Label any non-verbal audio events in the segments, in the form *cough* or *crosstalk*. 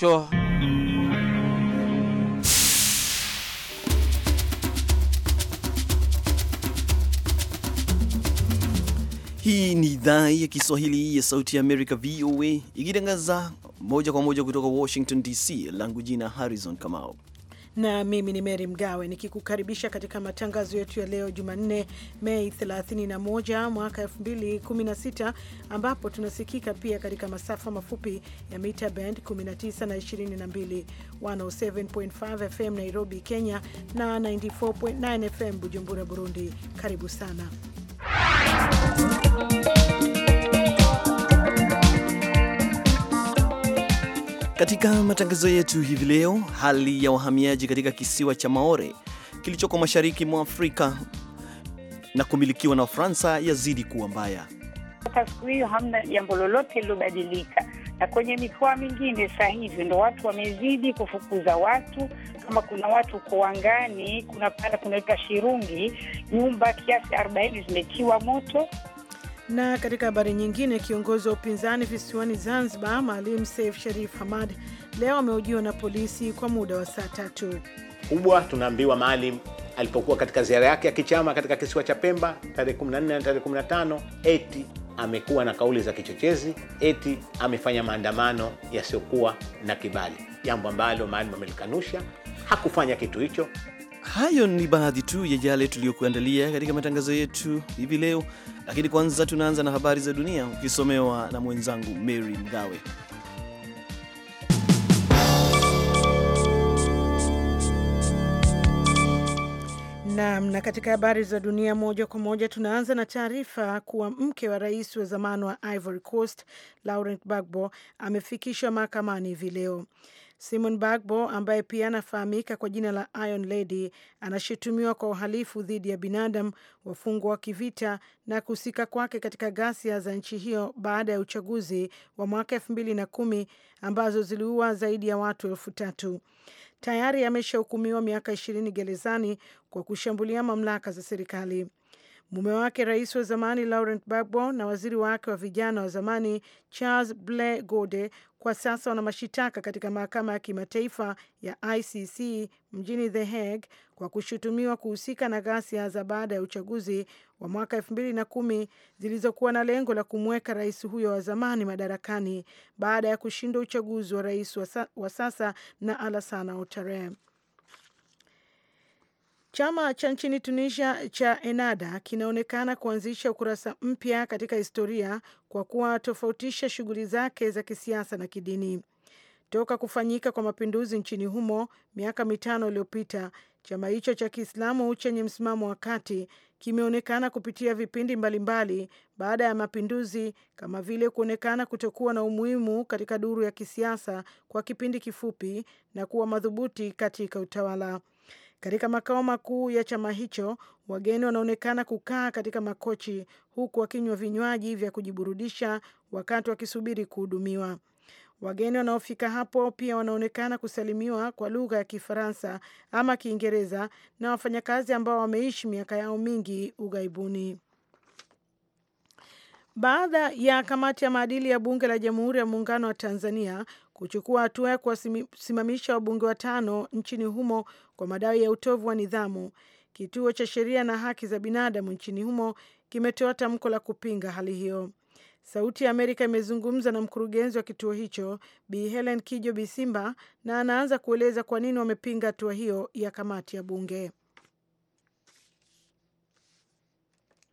Hii ni idhaa ya Kiswahili ya Sauti ya Amerika, VOA, ikitangaza moja kwa moja kutoka Washington DC. Langu jina Harrison Kamau na mimi ni Mary Mgawe nikikukaribisha katika matangazo yetu ya leo Jumanne, Mei 31 mwaka 2016, ambapo tunasikika pia katika masafa mafupi ya mita band 19 na 22, 107.5 FM Nairobi, Kenya na 94.9 FM Bujumbura, Burundi. Karibu sana Katika matangazo yetu hivi leo, hali ya wahamiaji katika kisiwa cha Maore kilichoko mashariki mwa Afrika na kumilikiwa na Ufaransa yazidi kuwa mbaya. Hata siku hiyo hamna jambo lolote lilobadilika, na kwenye mikoa mingine sa hivi ndo watu wamezidi kufukuza watu. Kama kuna watu wangani, kuna pala kunaita Shirungi, nyumba kiasi arobaini zimetiwa moto. Na katika habari nyingine, kiongozi wa upinzani visiwani Zanzibar, Maalim Seif Sharif Hamad leo amehojiwa na polisi kwa muda wa saa tatu kubwa. Tunaambiwa Maalim alipokuwa katika ziara yake ya kichama katika kisiwa cha Pemba tarehe 14 na tarehe 15 eti amekuwa na kauli za kichochezi, eti amefanya maandamano yasiyokuwa na kibali, jambo ambalo Maalim amelikanusha. Hakufanya kitu hicho. Hayo ni baadhi tu ya yale tuliyokuandalia katika matangazo yetu hivi leo, lakini kwanza tunaanza na habari za dunia ukisomewa na mwenzangu Mary Mgawe. Naam, na katika habari za dunia moja kwa moja tunaanza na taarifa kuwa mke wa rais wa zamani wa Ivory Coast Laurent Gbagbo amefikishwa mahakamani hivi leo. Simon Bagbo ambaye pia anafahamika kwa jina la Iron Lady anashutumiwa kwa uhalifu dhidi ya binadamu, wafungwa wa kivita na kuhusika kwake katika ghasia za nchi hiyo baada ya uchaguzi wa mwaka elfu mbili na kumi ambazo ziliua zaidi ya watu elfu tatu. Tayari ameshahukumiwa miaka ishirini gerezani kwa kushambulia mamlaka za serikali. Mume wake rais wa zamani Laurent Gbagbo na waziri wake wa vijana wa zamani Charles Ble gode kwa sasa wana mashitaka katika mahakama ya kimataifa ya ICC mjini The Hague kwa kushutumiwa kuhusika na ghasia za baada ya uchaguzi wa mwaka elfu mbili na kumi zilizokuwa na lengo la kumweka rais huyo wa zamani madarakani baada ya kushindwa uchaguzi wa rais wa sasa na Alassane Ouattara. Chama cha nchini Tunisia cha enada kinaonekana kuanzisha ukurasa mpya katika historia kwa kuwatofautisha shughuli zake za kisiasa na kidini. Toka kufanyika kwa mapinduzi nchini humo miaka mitano iliyopita, chama hicho cha Kiislamu chenye msimamo wa kati kimeonekana kupitia vipindi mbalimbali baada ya mapinduzi, kama vile kuonekana kutokuwa na umuhimu katika duru ya kisiasa kwa kipindi kifupi na kuwa madhubuti katika utawala. Katika makao makuu ya chama hicho, wageni wanaonekana kukaa katika makochi huku wakinywa vinywaji vya kujiburudisha wakati wakisubiri kuhudumiwa. Wageni wanaofika hapo pia wanaonekana kusalimiwa kwa lugha ya Kifaransa ama Kiingereza na wafanyakazi ambao wameishi miaka yao mingi ughaibuni baada ya kamati ya maadili ya bunge la Jamhuri ya Muungano wa Tanzania kuchukua hatua ya kuwasimamisha wabunge watano nchini humo kwa madai ya utovu wa nidhamu. Kituo cha sheria na haki za binadamu nchini humo kimetoa tamko la kupinga hali hiyo. Sauti ya Amerika imezungumza na mkurugenzi wa kituo hicho Bi Helen Kijo Bisimba, na anaanza kueleza kwa nini wamepinga hatua hiyo ya kamati ya bunge.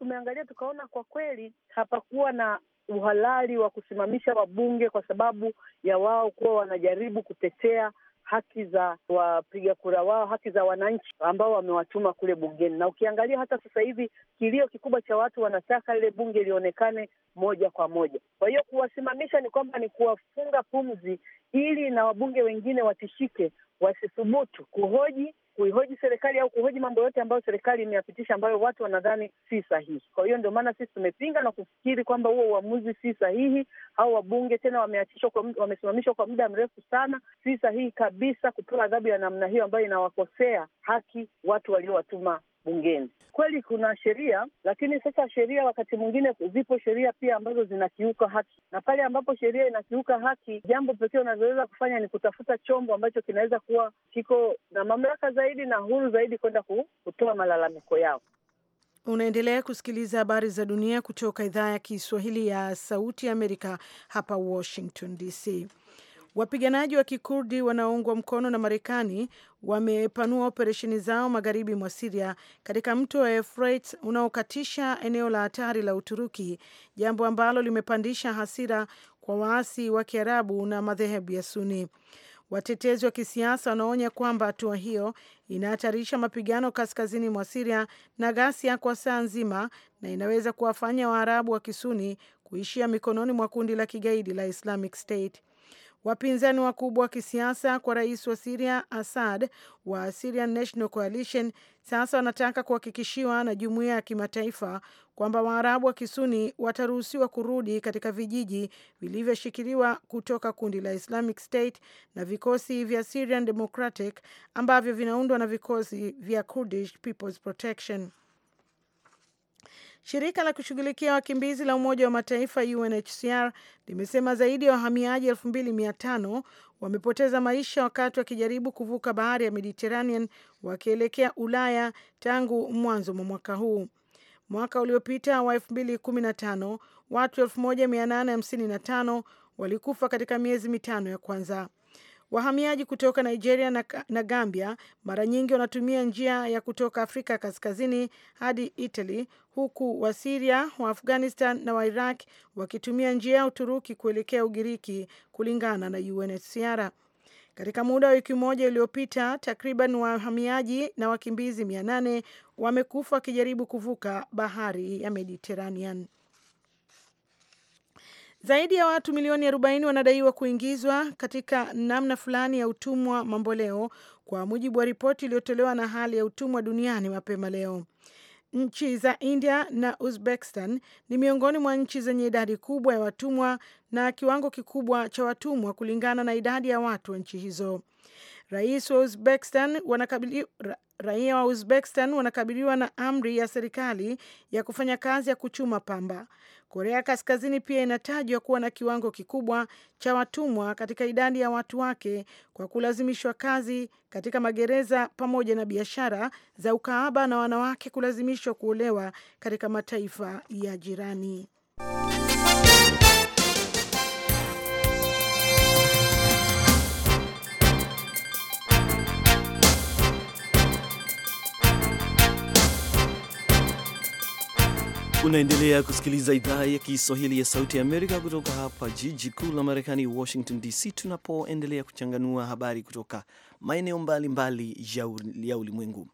tumeangalia tukaona kwa kweli hapakuwa na uhalali wa kusimamisha wabunge kwa sababu ya wao kuwa wanajaribu kutetea haki za wapiga kura wao, haki za wananchi ambao wamewatuma kule bungeni. Na ukiangalia hata sasa hivi kilio kikubwa cha watu wanataka lile bunge lionekane moja kwa moja. Kwa hiyo kuwasimamisha ni kwamba ni kuwafunga pumzi, ili na wabunge wengine watishike wasithubutu kuhoji kuihoji serikali au kuhoji mambo yote ambayo serikali imeyapitisha ambayo watu wanadhani si sahihi. Kwa hiyo ndio maana sisi tumepinga na kufikiri kwamba huo uamuzi si sahihi, au wabunge tena wameachishwa, wamesimamishwa kwa muda mrefu sana. Si sahihi kabisa kupewa adhabu ya namna hiyo ambayo inawakosea haki watu waliowatuma bungeni. Kweli kuna sheria, lakini sasa sheria wakati mwingine zipo sheria pia ambazo zinakiuka haki, na pale ambapo sheria inakiuka haki, jambo pekee unazoweza kufanya ni kutafuta chombo ambacho kinaweza kuwa kiko na mamlaka zaidi na huru zaidi kwenda kutoa malalamiko yao. Unaendelea kusikiliza habari za dunia kutoka idhaa ya Kiswahili ya Sauti ya Amerika hapa Washington DC. Wapiganaji wa kikurdi wanaoungwa mkono na Marekani wamepanua operesheni zao magharibi mwa Siria katika mto wa Euphrates unaokatisha eneo la hatari la Uturuki, jambo ambalo limepandisha hasira kwa waasi wa Kiarabu na madhehebu ya Suni. Watetezi wa kisiasa wanaonya kwamba hatua hiyo inahatarisha mapigano kaskazini mwa Siria na ghasia kwa saa nzima na inaweza kuwafanya Waarabu wa Kisuni kuishia mikononi mwa kundi la kigaidi la Islamic State. Wapinzani wakubwa wa kisiasa kwa rais wa Siria Assad wa Syrian National Coalition sasa wanataka kuhakikishiwa na jumuiya ya kimataifa kwamba Waarabu wa Kisuni wataruhusiwa kurudi katika vijiji vilivyoshikiliwa kutoka kundi la Islamic State na vikosi vya Syrian Democratic ambavyo vinaundwa na vikosi vya Kurdish People's Protection. Shirika la kushughulikia wakimbizi la Umoja wa Mataifa UNHCR limesema zaidi ya wa wahamiaji 2500 wamepoteza maisha wakati wakijaribu kuvuka bahari ya Mediterranean wakielekea Ulaya tangu mwanzo mwa mwaka huu. Mwaka uliopita wa 2015 watu 1855 walikufa katika miezi mitano ya kwanza. Wahamiaji kutoka Nigeria na, na Gambia mara nyingi wanatumia njia ya kutoka Afrika Kaskazini hadi Italy, huku Wasiria wa Afghanistan na wa Iraq wakitumia njia ya Uturuki kuelekea Ugiriki, kulingana na UNHCR. Katika muda wa wiki moja iliyopita, takriban wahamiaji na wakimbizi mia nane wamekufa wakijaribu kuvuka bahari ya Mediterranean. Zaidi ya watu milioni 40 wanadaiwa kuingizwa katika namna fulani ya utumwa mamboleo kwa mujibu wa ripoti iliyotolewa na hali ya utumwa duniani mapema leo. Nchi za India na Uzbekistan ni miongoni mwa nchi zenye idadi kubwa ya watumwa na kiwango kikubwa cha watumwa kulingana na idadi ya watu wa nchi hizo. Rais wa Uzbekistan wanakabili, ra, raia wa Uzbekistan wanakabiliwa na amri ya serikali ya kufanya kazi ya kuchuma pamba. Korea Kaskazini pia inatajwa kuwa na kiwango kikubwa cha watumwa katika idadi ya watu wake kwa kulazimishwa kazi katika magereza pamoja na biashara za ukaaba na wanawake kulazimishwa kuolewa katika mataifa ya jirani. Unaendelea kusikiliza idhaa ya Kiswahili ya Sauti ya Amerika kutoka hapa jiji kuu la Marekani, Washington DC, tunapoendelea kuchanganua habari kutoka maeneo mbalimbali ya ulimwengu.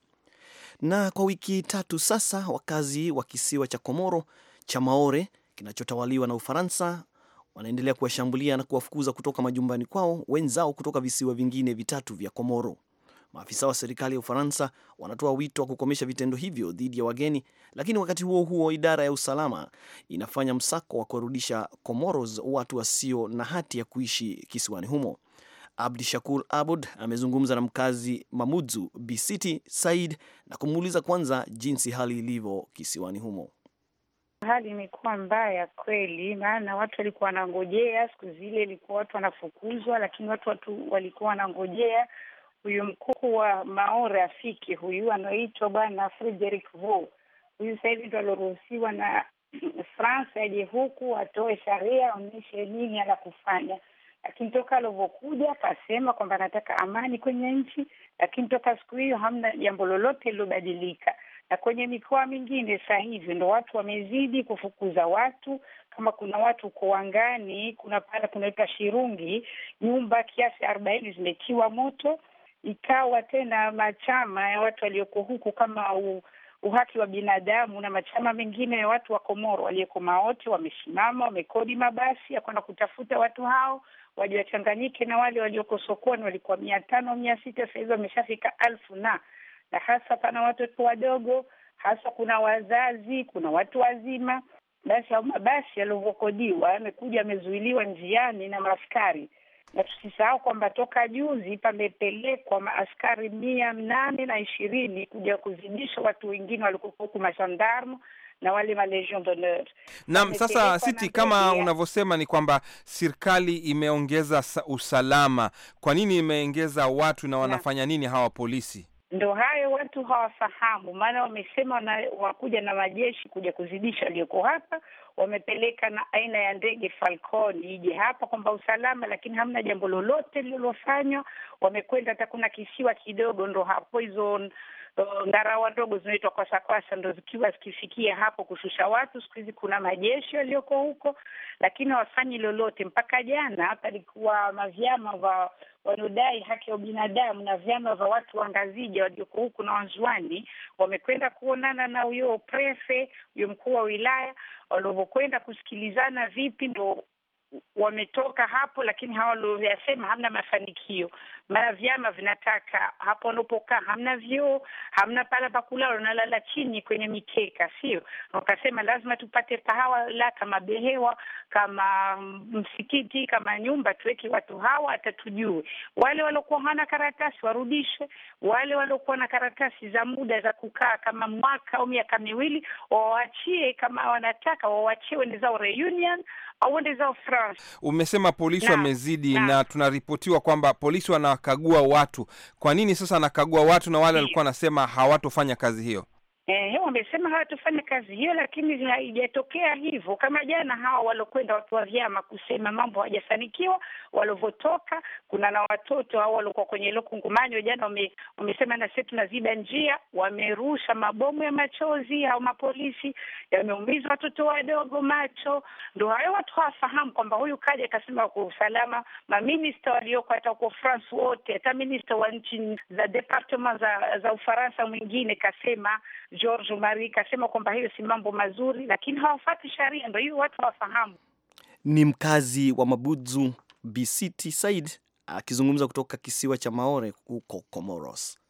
Na kwa wiki tatu sasa, wakazi wa kisiwa cha Komoro cha Maore kinachotawaliwa na Ufaransa wanaendelea kuwashambulia na kuwafukuza kutoka majumbani kwao wenzao kutoka visiwa vingine vitatu vya Komoro. Maafisa wa serikali ya Ufaransa wanatoa wito wa kukomesha vitendo hivyo dhidi ya wageni, lakini wakati huo huo idara ya usalama inafanya msako wa kuwarudisha Comoros watu wasio na hati ya kuishi kisiwani humo. Abdi Shakur Abud amezungumza na mkazi Mamudzu Bisiti Said na kumuuliza kwanza jinsi hali ilivyo kisiwani humo. Hali imekuwa mbaya kweli, maana watu walikuwa wanangojea. Siku zile ilikuwa watu wanafukuzwa, lakini watu watu walikuwa wanangojea huyu mkuu wa Mao Rafiki huyu anaoitwa bwana Frederick Vo, huyu sasa hivi ndo alioruhusiwa na *clears throat* France aje huku atoe sharia, aonyeshe nini ala kufanya lakini toka alivyokuja akasema kwamba anataka amani kwenye nchi, lakini toka siku hiyo hamna jambo lolote lilobadilika. Na kwenye mikoa mingine sa hivi ndo watu wamezidi kufukuza watu. Kama kuna watu Kowangani, kuna pale kunaitwa Shirungi, nyumba kiasi arobaini zimetiwa moto ikawa tena machama ya watu walioko huku kama u, uhaki wa binadamu na machama mengine ya watu wa Komoro walioko Maoti wamesimama, wamekodi mabasi ya kwenda kutafuta watu hao waje wachanganyike na wale walioko sokoni. Walikuwa mia tano mia sita sahizi wameshafika alfu na na hasa pana watoto wadogo, hasa kuna wazazi, kuna watu wazima. Basi au mabasi yalivyokodiwa yamekuja yamezuiliwa njiani na maaskari na tusisahau kwamba toka juzi pamepelekwa maaskari mia nane na ishirini kuja kuzidisha watu wengine walikuwa huku mashandarmu na wale ma legion d'honneur. Naam, sasa siti kama unavyosema ni kwamba serikali imeongeza usalama. Kwa nini imeongeza watu na wanafanya nini hawa polisi? Ndo hayo watu hawafahamu, maana wamesema wakuja na majeshi kuja kuzidisha walioko hapa, wamepeleka na aina ya ndege Falcon ije hapa kwamba usalama, lakini hamna jambo lolote lililofanywa. Wamekwenda hata kuna kisiwa kidogo ndo hapo hizo ngarawa ndogo zinaitwa kwasakwasa, ndo zikiwa zikifikia hapo kushusha watu. Siku hizi kuna majeshi yaliyoko huko, lakini hawafanyi lolote. Mpaka jana hapa likuwa mavyama vya wanaodai haki ya ubinadamu na vyama vya watu wa Ngazija walioko huku na Wanzwani wamekwenda kuonana na huyo prefe, huyo mkuu wa wilaya. Walivyokwenda kusikilizana vipi, ndo wametoka hapo, lakini hawa walioyasema hamna mafanikio mara vyama vinataka hapo wanapokaa hamna vyoo, hamna pala pa kulala, unalala chini kwenye mikeka, sio? Wakasema lazima tupate la kama behewa, kama msikiti, kama nyumba, tuweke watu hawa hata tujue. Wale waliokuwa hawana karatasi warudishwe, wale waliokuwa na karatasi za muda za kukaa kama mwaka au miaka miwili wawachie, kama wanataka wawachie wende zao Reunion au wende zao France. Umesema polisi wamezidi na, na tunaripotiwa kwamba polisi wana anakagua watu. Kwa nini sasa anakagua watu na wale walikuwa mm. wanasema hawatofanya kazi hiyo? Eh, e, wamesema hawatofanya kazi hiyo, lakini haijatokea hivyo. Kama jana hawa walokwenda watu wa vyama kusema mambo hawajafanikiwa walivyotoka, kuna na watoto hao walikuwa kwenye ile kongamano jana wamesema na sisi tunaziba njia, wamerusha mabomu ya machozi au mapolisi yameumiza watoto wadogo macho. Ndio hayo watu hawafahamu kwamba huyu kaja akasema kwa usalama, maminista walioko hata kwa France wote, hata minista wa nchi za departement za, za Ufaransa mwingine kasema George Umarika akasema kwamba hiyo si mambo mazuri, lakini hawafati sharia, ndio hiyo watu hawafahamu. Ni mkazi wa Mabudzu Bisiti Said akizungumza kutoka kisiwa cha Maore huko Comoros.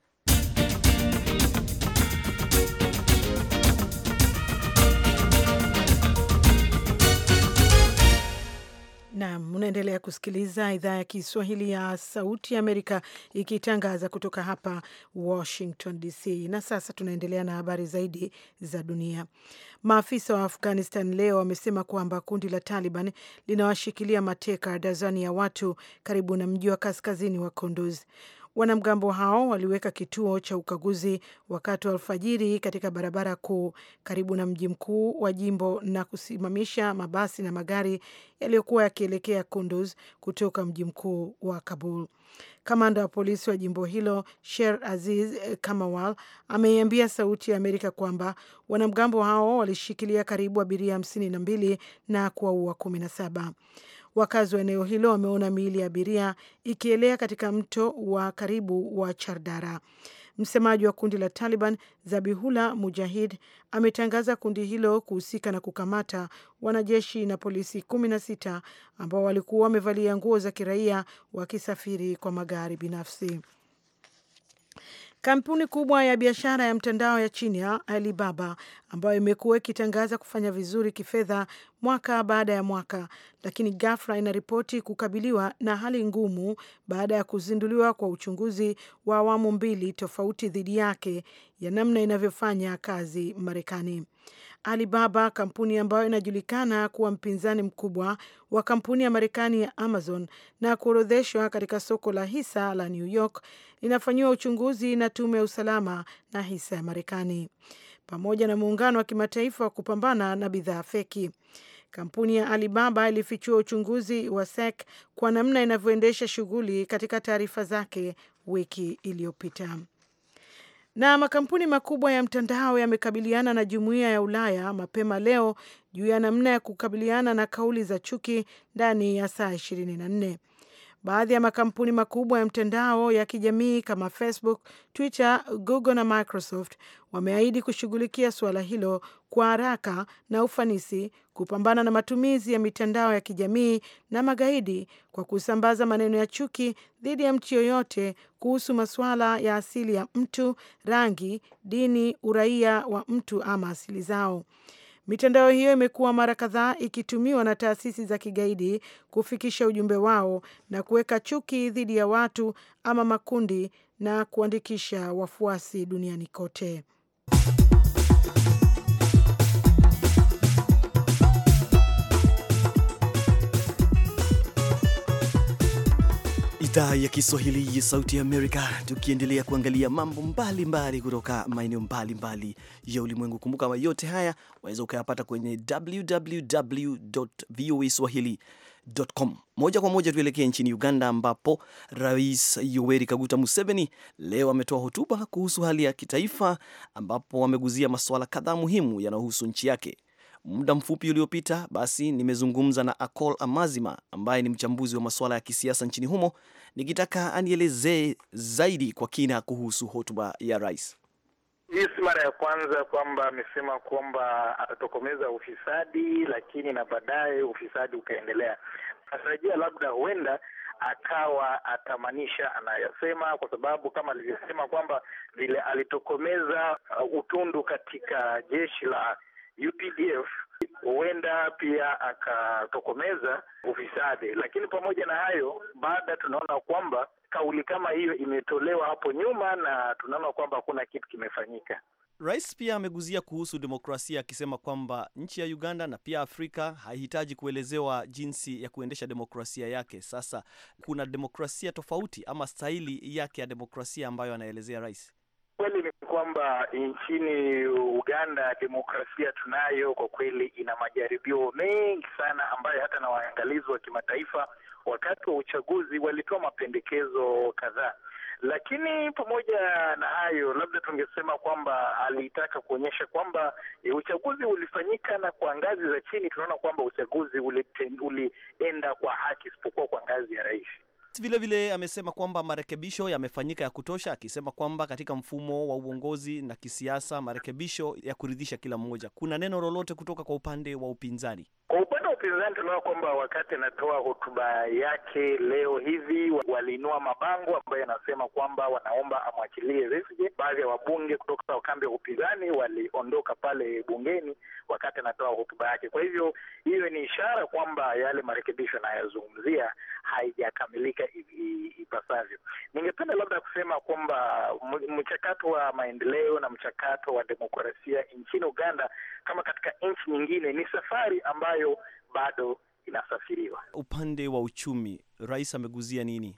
Naam, unaendelea kusikiliza idhaa ya Kiswahili ya Sauti ya Amerika ikitangaza kutoka hapa Washington DC. Na sasa tunaendelea na habari zaidi za dunia. Maafisa wa Afghanistan leo wamesema kwamba kundi la Taliban linawashikilia mateka dazani ya watu karibu na mji wa kaskazini wa Kunduz. Wanamgambo hao waliweka kituo cha ukaguzi wakati wa alfajiri katika barabara kuu karibu na mji mkuu wa jimbo na kusimamisha mabasi na magari yaliyokuwa yakielekea Kunduz kutoka mji mkuu wa Kabul. Kamanda wa polisi wa jimbo hilo Sher Aziz Kamawal ameiambia Sauti ya Amerika kwamba wanamgambo hao walishikilia karibu abiria hamsini na mbili na kuwaua kumi na saba. Wakazi wa eneo hilo wameona miili ya abiria ikielea katika mto wa karibu wa Chardara. Msemaji wa kundi la Taliban Zabihullah Mujahid ametangaza kundi hilo kuhusika na kukamata wanajeshi na polisi kumi na sita ambao walikuwa wamevalia nguo za kiraia wakisafiri kwa magari binafsi. Kampuni kubwa ya biashara ya mtandao ya China, Alibaba, ambayo imekuwa ikitangaza kufanya vizuri kifedha mwaka baada ya mwaka, lakini ghafla inaripoti kukabiliwa na hali ngumu baada ya kuzinduliwa kwa uchunguzi wa awamu mbili tofauti dhidi yake ya namna inavyofanya kazi Marekani. Alibaba, kampuni ambayo inajulikana kuwa mpinzani mkubwa wa kampuni ya Marekani ya Amazon na kuorodheshwa katika soko la hisa la New York, linafanyiwa uchunguzi na tume ya usalama na hisa ya Marekani pamoja na muungano wa kimataifa wa kupambana na bidhaa feki. Kampuni ya Alibaba ilifichua uchunguzi wa SEC kwa namna inavyoendesha shughuli katika taarifa zake wiki iliyopita. Na makampuni makubwa ya mtandao yamekabiliana na jumuiya ya Ulaya mapema leo juu ya namna ya kukabiliana na kauli za chuki ndani ya saa 24. Baadhi ya makampuni makubwa ya mtandao ya kijamii kama Facebook, Twitter, Google na Microsoft wameahidi kushughulikia suala hilo kwa haraka na ufanisi, kupambana na matumizi ya mitandao ya kijamii na magaidi kwa kusambaza maneno ya chuki dhidi ya mtu yoyote kuhusu masuala ya asili ya mtu, rangi, dini, uraia wa mtu ama asili zao. Mitandao hiyo imekuwa mara kadhaa ikitumiwa na taasisi za kigaidi kufikisha ujumbe wao na kuweka chuki dhidi ya watu ama makundi na kuandikisha wafuasi duniani kote. idhaa ya Kiswahili ya Sauti ya Amerika, tukiendelea kuangalia mambo mbalimbali kutoka maeneo mbalimbali ya ulimwengu. Kumbuka yote haya waweza ukayapata kwenye www voa swahili.com. Moja kwa moja tuelekee nchini Uganda, ambapo Rais Yoweri Kaguta Museveni leo ametoa hotuba kuhusu hali ya kitaifa, ambapo ameguzia masuala kadhaa muhimu yanayohusu nchi yake. Muda mfupi uliopita basi nimezungumza na Akol Amazima ambaye ni mchambuzi wa masuala ya kisiasa nchini humo, nikitaka anielezee zaidi kwa kina kuhusu hotuba ya rais. Hii si mara ya kwanza kwamba amesema kwamba atatokomeza ufisadi, lakini na baadaye ufisadi ukaendelea. Natarajia labda huenda akawa atamanisha anayosema, kwa sababu kama alivyosema kwamba vile alitokomeza uh, utundu katika jeshi la UPDF huenda pia akatokomeza ufisadi. Lakini pamoja na hayo, baada tunaona kwamba kauli kama hiyo imetolewa hapo nyuma na tunaona kwamba hakuna kitu kimefanyika. Rais pia ameguzia kuhusu demokrasia akisema kwamba nchi ya Uganda na pia Afrika haihitaji kuelezewa jinsi ya kuendesha demokrasia yake. Sasa kuna demokrasia tofauti ama staili yake ya demokrasia ambayo anaelezea rais. Kweli ni kwamba nchini Uganda demokrasia tunayo kwa kweli, ina majaribio mengi sana ambayo hata na waangalizi wa kimataifa wakati wa uchaguzi walitoa mapendekezo kadhaa. Lakini pamoja na hayo, labda tungesema kwamba alitaka kuonyesha kwamba e, uchaguzi ulifanyika, na kwa ngazi za chini tunaona kwamba uchaguzi ulienda kwa haki, isipokuwa kwa ngazi ya rais. Vilevile vile amesema kwamba marekebisho yamefanyika ya kutosha, akisema kwamba katika mfumo wa uongozi na kisiasa marekebisho ya kuridhisha kila mmoja. Kuna neno lolote kutoka kwa upande wa upinzani? wapinzani tunaona kwamba wakati anatoa hotuba yake leo hivi waliinua mabango ambayo yanasema kwamba wanaomba amwachilie Besigye. Baadhi ya wabunge kutoka kambi ya upinzani waliondoka pale bungeni wakati anatoa hotuba yake. Kwa hivyo hiyo ni ishara kwamba yale marekebisho anayozungumzia haijakamilika ipasavyo. Ningependa labda kusema kwamba mchakato wa maendeleo na mchakato wa demokrasia nchini Uganda kama katika nchi nyingine ni safari ambayo bado inasafiriwa. Upande wa uchumi, rais ameguzia nini?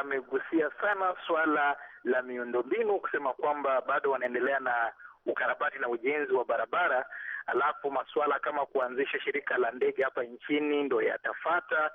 amegusia sana suala la miundombinu, kusema kwamba bado wanaendelea na ukarabati na ujenzi wa barabara, alafu masuala kama kuanzisha shirika la ndege hapa nchini ndo yatafata,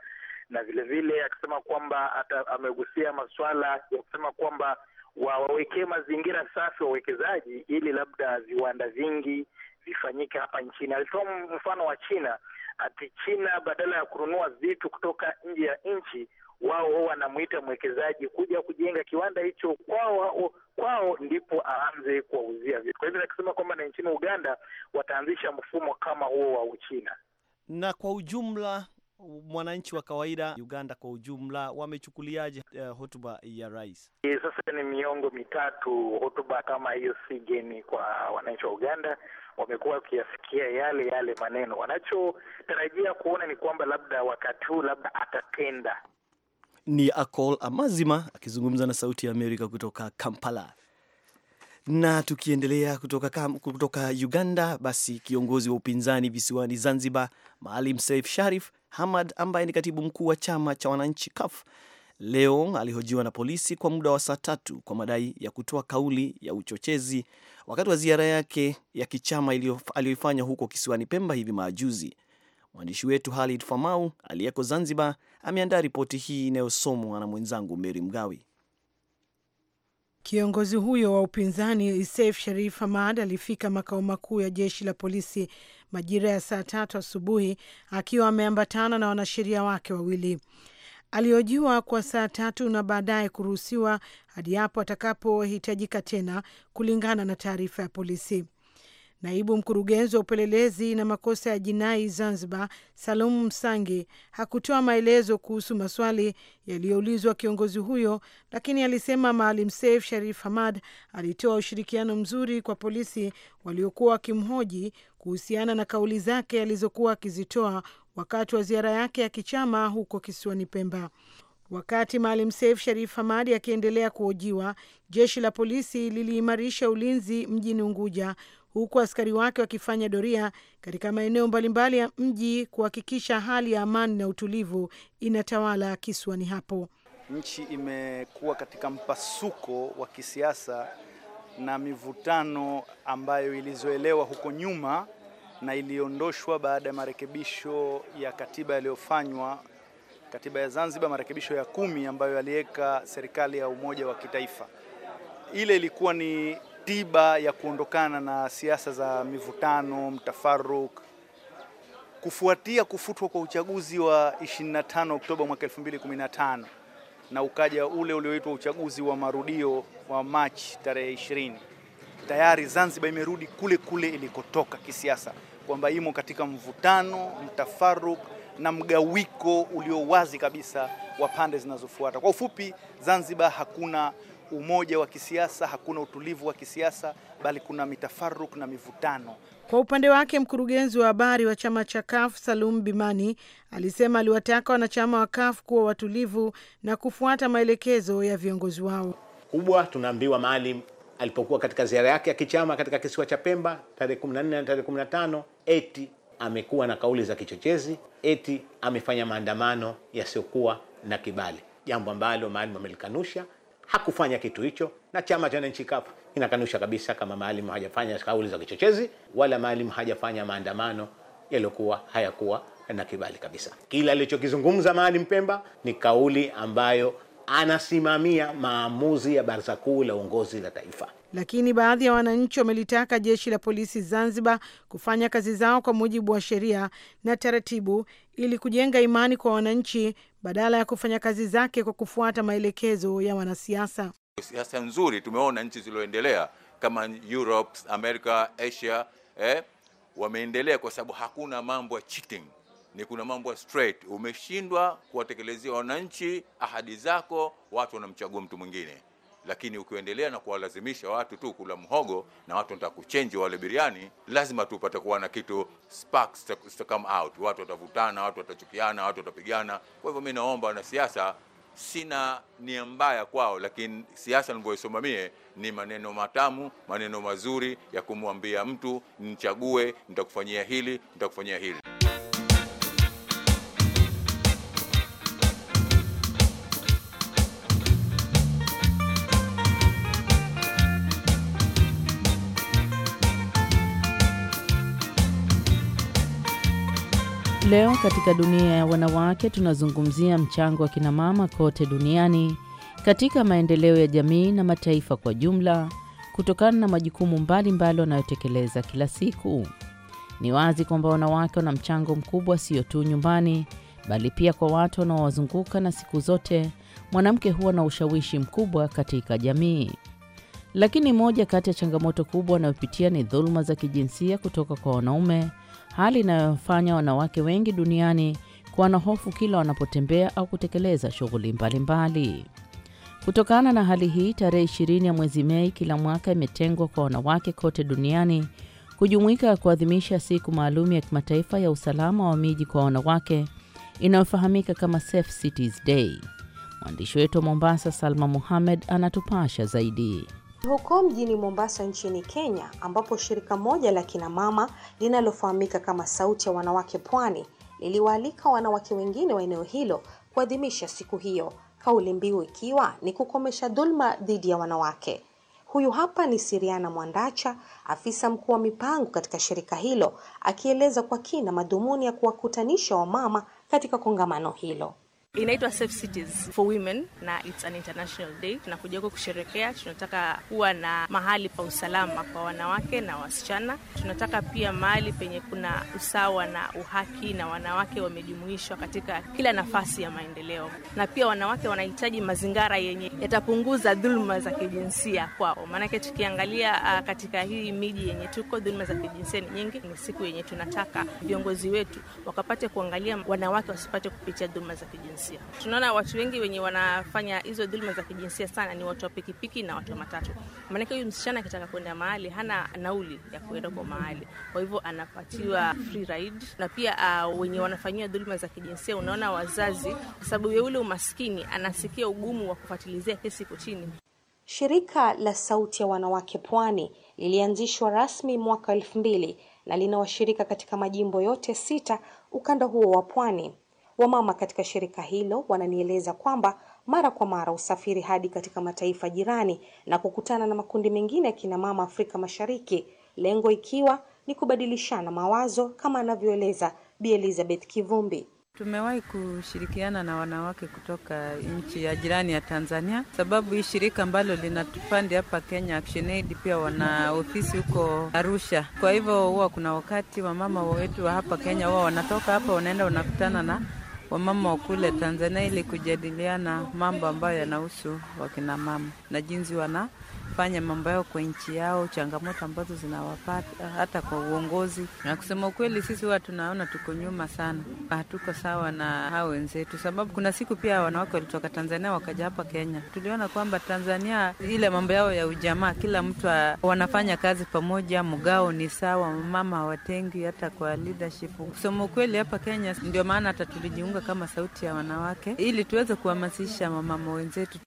na vilevile akisema kwamba amegusia masuala ya kusema kwamba wawekee mazingira safi wawekezaji, ili labda viwanda vingi vifanyike hapa nchini. Alitoa mfano wa China ati China badala ya kununua vitu kutoka nje ya nchi, wao wanamwita mwekezaji kuja kujenga kiwanda hicho kwao kwao ndipo aanze kuwauzia vitu. Kwa hivyo nakisema kwamba na nchini Uganda wataanzisha mfumo kama huo wa Uchina. Na kwa ujumla mwananchi wa kawaida Uganda kwa ujumla wamechukuliaje uh, hotuba ya rais? Sasa ni miongo mitatu, hotuba kama hiyo si geni kwa wananchi wa Uganda wamekuwa wakiyasikia yale yale maneno. Wanachotarajia kuona ni kwamba labda wakati huu labda atatenda. Ni Akol Amazima akizungumza na Sauti ya Amerika kutoka Kampala. Na tukiendelea kutoka, kutoka Uganda, basi kiongozi wa upinzani visiwani Zanzibar Maalim saif Sharif Hamad ambaye ni katibu mkuu wa chama cha wananchi CUF Leo alihojiwa na polisi kwa muda wa saa tatu kwa madai ya kutoa kauli ya uchochezi wakati wa ziara yake ya kichama aliyoifanya huko kisiwani Pemba hivi majuzi. Mwandishi wetu Halid Famau aliyeko Zanzibar ameandaa ripoti hii inayosomwa na mwenzangu Meri Mgawi. Kiongozi huyo wa upinzani Seif Sharif Hamad alifika makao makuu ya jeshi la polisi majira ya saa tatu asubuhi akiwa ameambatana na wanasheria wake wawili alihojiwa kwa saa tatu na baadaye kuruhusiwa hadi hapo atakapohitajika tena, kulingana na taarifa ya polisi. Naibu mkurugenzi wa upelelezi na makosa ya jinai Zanzibar, Salum Msangi, hakutoa maelezo kuhusu maswali yaliyoulizwa kiongozi huyo, lakini alisema Maalim Seif Sharif Hamad alitoa ushirikiano mzuri kwa polisi waliokuwa wakimhoji kuhusiana na kauli zake alizokuwa akizitoa wakati wa ziara yake ya kichama huko kisiwani Pemba. Wakati Maalim Seif Sharif hamadi akiendelea kuhojiwa, jeshi la polisi liliimarisha ulinzi mjini Unguja, huku askari wake wakifanya doria katika maeneo mbalimbali ya mji kuhakikisha hali ya amani na utulivu inatawala kisiwani hapo. Nchi imekuwa katika mpasuko wa kisiasa na mivutano ambayo ilizoelewa huko nyuma na iliondoshwa baada ya marekebisho ya katiba yaliyofanywa katiba ya Zanzibar, marekebisho ya kumi ambayo yaliweka serikali ya umoja wa kitaifa. Ile ilikuwa ni tiba ya kuondokana na siasa za mivutano, mtafaruk kufuatia kufutwa kwa uchaguzi wa 25 Oktoba mwaka 2015 na ukaja ule ulioitwa uchaguzi wa marudio wa Machi tarehe 20. Tayari Zanzibar imerudi kule kule ilikotoka kisiasa kwamba imo katika mvutano, mtafaruk na mgawiko ulio wazi kabisa wa pande zinazofuata. Kwa ufupi, Zanzibar hakuna umoja wa kisiasa, hakuna utulivu wa kisiasa, bali kuna mitafaruk na mivutano. Kwa upande wake, mkurugenzi wa habari wa chama cha KAF Salum Bimani alisema aliwataka wanachama wa KAF kuwa watulivu na kufuata maelekezo ya viongozi wao. Kubwa tunaambiwa, maalim alipokuwa katika ziara yake ya kichama katika kisiwa cha Pemba tarehe 14 na tarehe 15, eti amekuwa na kauli za kichochezi, eti amefanya maandamano yasiyokuwa na kibali, jambo ambalo Maalim amelikanusha. Hakufanya kitu hicho, na chama cha wananchi CUF inakanusha kabisa kama Maalim hajafanya kauli za kichochezi wala Maalim hajafanya maandamano yaliyokuwa hayakuwa na kibali kabisa. Kila alichokizungumza Maalim Pemba ni kauli ambayo anasimamia maamuzi ya Baraza Kuu la Uongozi la Taifa. Lakini baadhi ya wananchi wamelitaka jeshi la polisi Zanzibar kufanya kazi zao kwa mujibu wa sheria na taratibu ili kujenga imani kwa wananchi badala ya kufanya kazi zake kwa kufuata maelekezo ya wanasiasa. Siasa nzuri tumeona nchi zilizoendelea kama Europe, America, Asia eh, wameendelea kwa sababu hakuna mambo ya cheating ni kuna mambo straight, umeshindwa kuwatekelezea wananchi ahadi zako, watu wanamchagua mtu mwingine. Lakini ukiendelea na kuwalazimisha watu tu kula mhogo na watu wanataka kuchenji wale biriani, lazima tu upate kuwa na kitu sparks to come out. Watu watavutana, watu watachukiana, watu watapigana. Kwa hivyo mi naomba wanasiasa, sina nia mbaya kwao, lakini siasa nilivyoisoma mie ni maneno matamu, maneno mazuri ya kumwambia mtu, nichague, nitakufanyia hili, nitakufanyia hili. Leo katika dunia ya wanawake tunazungumzia mchango wa kinamama kote duniani katika maendeleo ya jamii na mataifa kwa jumla, kutokana na majukumu mbalimbali wanayotekeleza kila siku. Ni wazi kwamba wanawake wana mchango mkubwa, sio tu nyumbani, bali pia kwa watu wanaowazunguka, na siku zote mwanamke huwa na ushawishi mkubwa katika jamii. Lakini moja kati ya changamoto kubwa wanayopitia ni dhuluma za kijinsia kutoka kwa wanaume hali inayofanya wanawake wengi duniani kuwa na hofu kila wanapotembea au kutekeleza shughuli mbalimbali. Kutokana na hali hii, tarehe 20 ya mwezi Mei kila mwaka imetengwa kwa wanawake kote duniani kujumuika kuadhimisha siku maalum ya kimataifa ya usalama wa miji kwa wanawake inayofahamika kama Safe Cities Day. Mwandishi wetu wa Mombasa, Salma muhamed anatupasha zaidi. Huko mjini Mombasa nchini Kenya, ambapo shirika moja la kinamama linalofahamika kama Sauti ya Wanawake Pwani liliwaalika wanawake wengine wa eneo hilo kuadhimisha siku hiyo, kauli mbiu ikiwa ni kukomesha dhulma dhidi ya wanawake. Huyu hapa ni Siriana Mwandacha, afisa mkuu wa mipango katika shirika hilo, akieleza kwa kina madhumuni ya kuwakutanisha wamama katika kongamano hilo. Inaitwa Safe Cities for Women na it's an international day. Tunakuja huko kusherekea, tunataka kuwa na mahali pa usalama kwa wanawake na wasichana. Tunataka pia mahali penye kuna usawa na uhaki na wanawake wamejumuishwa katika kila nafasi ya maendeleo, na pia wanawake wanahitaji mazingira yenye yatapunguza dhuluma za kijinsia kwao. Maanake tukiangalia uh, katika hii miji yenye tuko, dhuluma za kijinsia ni nyingi. Ni siku yenye tunataka viongozi wetu wakapate kuangalia wanawake wasipate kupitia dhuluma za kijinsia kijinsia. Tunaona watu wengi wenye wanafanya hizo dhuluma za kijinsia sana ni watu wa pikipiki na watu wa matatu. Maanake huyu msichana akitaka kwenda mahali hana nauli ya kuenda kwa mahali, kwa hivyo anapatiwa free ride. Na pia uh, wenye wanafanyia dhuluma za kijinsia, unaona wazazi, kwa sababu ya ule umaskini, anasikia ugumu wa kufuatilizia kesi iko chini. Shirika la Sauti ya Wanawake Pwani lilianzishwa rasmi mwaka elfu mbili na lina washirika katika majimbo yote sita ukanda huo wa pwani. Wamama katika shirika hilo wananieleza kwamba mara kwa mara usafiri hadi katika mataifa jirani na kukutana na makundi mengine ya kina mama Afrika Mashariki, lengo ikiwa ni kubadilishana mawazo kama anavyoeleza Bi Elizabeth Kivumbi. Tumewahi kushirikiana na wanawake kutoka nchi ya jirani ya Tanzania, sababu hii shirika ambalo linatupandi hapa Kenya, ActionAid, pia wana ofisi huko Arusha. Kwa hivyo huwa kuna wakati wamama wetu wa hapa Kenya huwa wanatoka hapa, wanaenda wanakutana na wamama wa kule Tanzania ili kujadiliana mambo ambayo yanahusu wakinamama na jinsi wana kufanya mambo yao kwa nchi yao, changamoto ambazo zinawapata hata kwa uongozi. Na kusema ukweli, sisi huwa tunaona tuko nyuma sana, hatuko sawa na hao wenzetu, sababu kuna siku pia wanawake walitoka Tanzania wakaja hapa Kenya. Tuliona kwamba Tanzania ile mambo yao ya ujamaa, kila mtu wa, wanafanya kazi pamoja, mgao ni sawa, mama hawatengi hata kwa leadership. Kusema ukweli, hapa Kenya ndio maana hata tulijiunga kama sauti ya wanawake, ili tuweze kuhamasisha mamama wenzetu.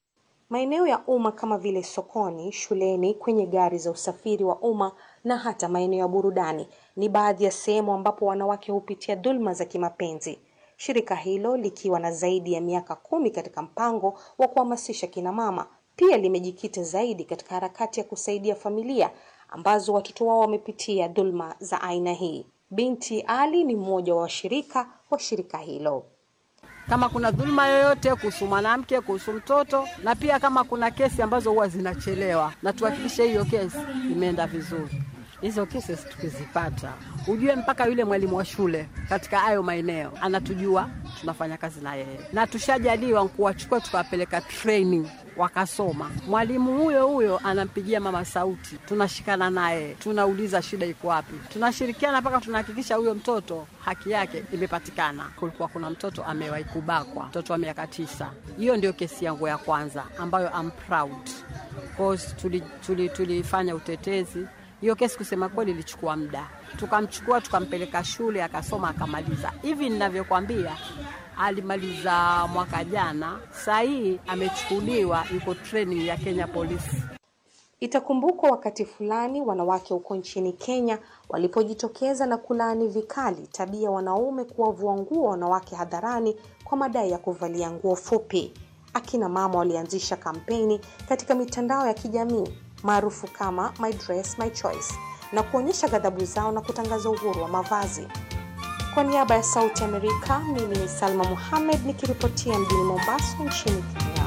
Maeneo ya umma kama vile sokoni, shuleni, kwenye gari za usafiri wa umma na hata maeneo ya burudani ni baadhi ya sehemu ambapo wanawake hupitia dhulma za kimapenzi. Shirika hilo likiwa na zaidi ya miaka kumi katika mpango wa kuhamasisha kina mama, pia limejikita zaidi katika harakati ya kusaidia familia ambazo watoto wao wamepitia dhulma za aina hii. Binti Ali ni mmoja wa washirika wa shirika hilo kama kuna dhuluma yoyote kuhusu mwanamke, kuhusu mtoto, na pia kama kuna kesi ambazo huwa zinachelewa, na tuhakikishe hiyo kesi imeenda vizuri. Hizo kesi tukizipata ujue mpaka yule mwalimu wa shule katika hayo maeneo anatujua tunafanya kazi na yeye, na tushajaliwa kuwachukua tukawapeleka training wakasoma. Mwalimu huyo huyo anampigia mama sauti, tunashikana naye, tunauliza shida iko wapi, tunashirikiana mpaka tunahakikisha huyo mtoto haki yake imepatikana. Kulikuwa kuna mtoto amewahi kubakwa, mtoto wa miaka tisa. Hiyo ndio kesi yangu ya kwanza ambayo I'm proud tulifanya tuli, tuli utetezi hiyo kesi kusema kweli ilichukua muda, tukamchukua tukampeleka shule akasoma akamaliza. Hivi ninavyokwambia alimaliza mwaka jana, saa hii amechukuliwa, yuko training ya Kenya polisi. Itakumbukwa wakati fulani wanawake huko nchini Kenya walipojitokeza na kulaani vikali tabia wanaume kuwavua nguo wanawake hadharani kwa madai ya kuvalia nguo fupi. Akina mama walianzisha kampeni katika mitandao ya kijamii maarufu kama My Dress My Choice na kuonyesha ghadhabu zao na kutangaza uhuru wa mavazi. Kwa niaba ya Sauti Amerika, mimi ni Salma Muhamed nikiripotia mjini Mombasa nchini Kenya.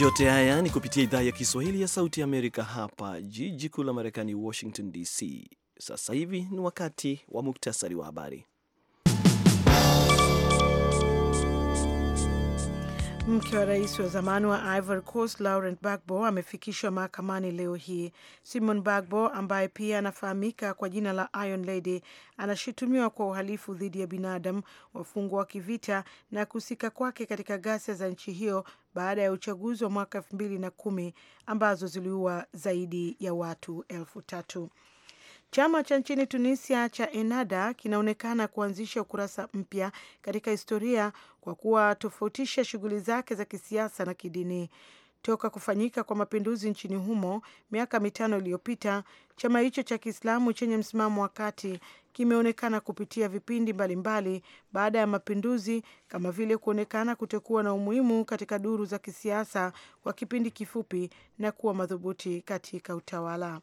Yote haya ni kupitia idhaa ya Kiswahili ya Sauti Amerika hapa jiji kuu la Marekani, Washington DC. Sasa hivi ni wakati wa muktasari wa habari. Mke wa rais wa zamani wa Ivory Coast Laurent Bagbo amefikishwa mahakamani leo hii. Simon bagbo ambaye pia anafahamika kwa jina la Iron Lady anashutumiwa kwa uhalifu dhidi ya binadamu, wafungwa wa kivita na kuhusika kwake katika ghasia za nchi hiyo baada ya uchaguzi wa mwaka elfu mbili na kumi ambazo ziliua zaidi ya watu elfu tatu. Chama cha nchini Tunisia cha enada kinaonekana kuanzisha ukurasa mpya katika historia kwa kuwatofautisha shughuli zake za kisiasa na kidini. Toka kufanyika kwa mapinduzi nchini humo miaka mitano iliyopita, chama hicho cha Kiislamu chenye msimamo wa kati kimeonekana kupitia vipindi mbalimbali baada ya mapinduzi, kama vile kuonekana kutokuwa na umuhimu katika duru za kisiasa kwa kipindi kifupi na kuwa madhubuti katika utawala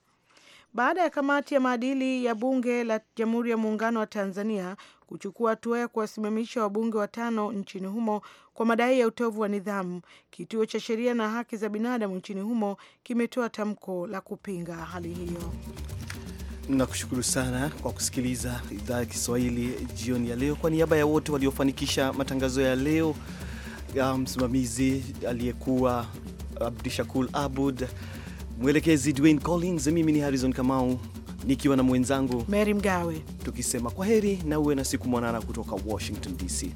baada ya kamati ya maadili ya bunge la Jamhuri ya Muungano wa Tanzania kuchukua hatua ya kuwasimamisha wabunge watano nchini humo kwa madai ya utovu wa nidhamu. Kituo cha Sheria na Haki za Binadamu nchini humo kimetoa tamko la kupinga hali hiyo. Nakushukuru sana kwa kusikiliza idhaa ya Kiswahili jioni ya leo. Kwa niaba ya wote waliofanikisha matangazo ya leo, msimamizi um, aliyekuwa Abdishakur Abud mwelekezi Dwayne Collins, mimi ni Harrison Kamau nikiwa na mwenzangu Mary Mgawe, tukisema kwa heri na uwe na siku mwanana kutoka Washington DC.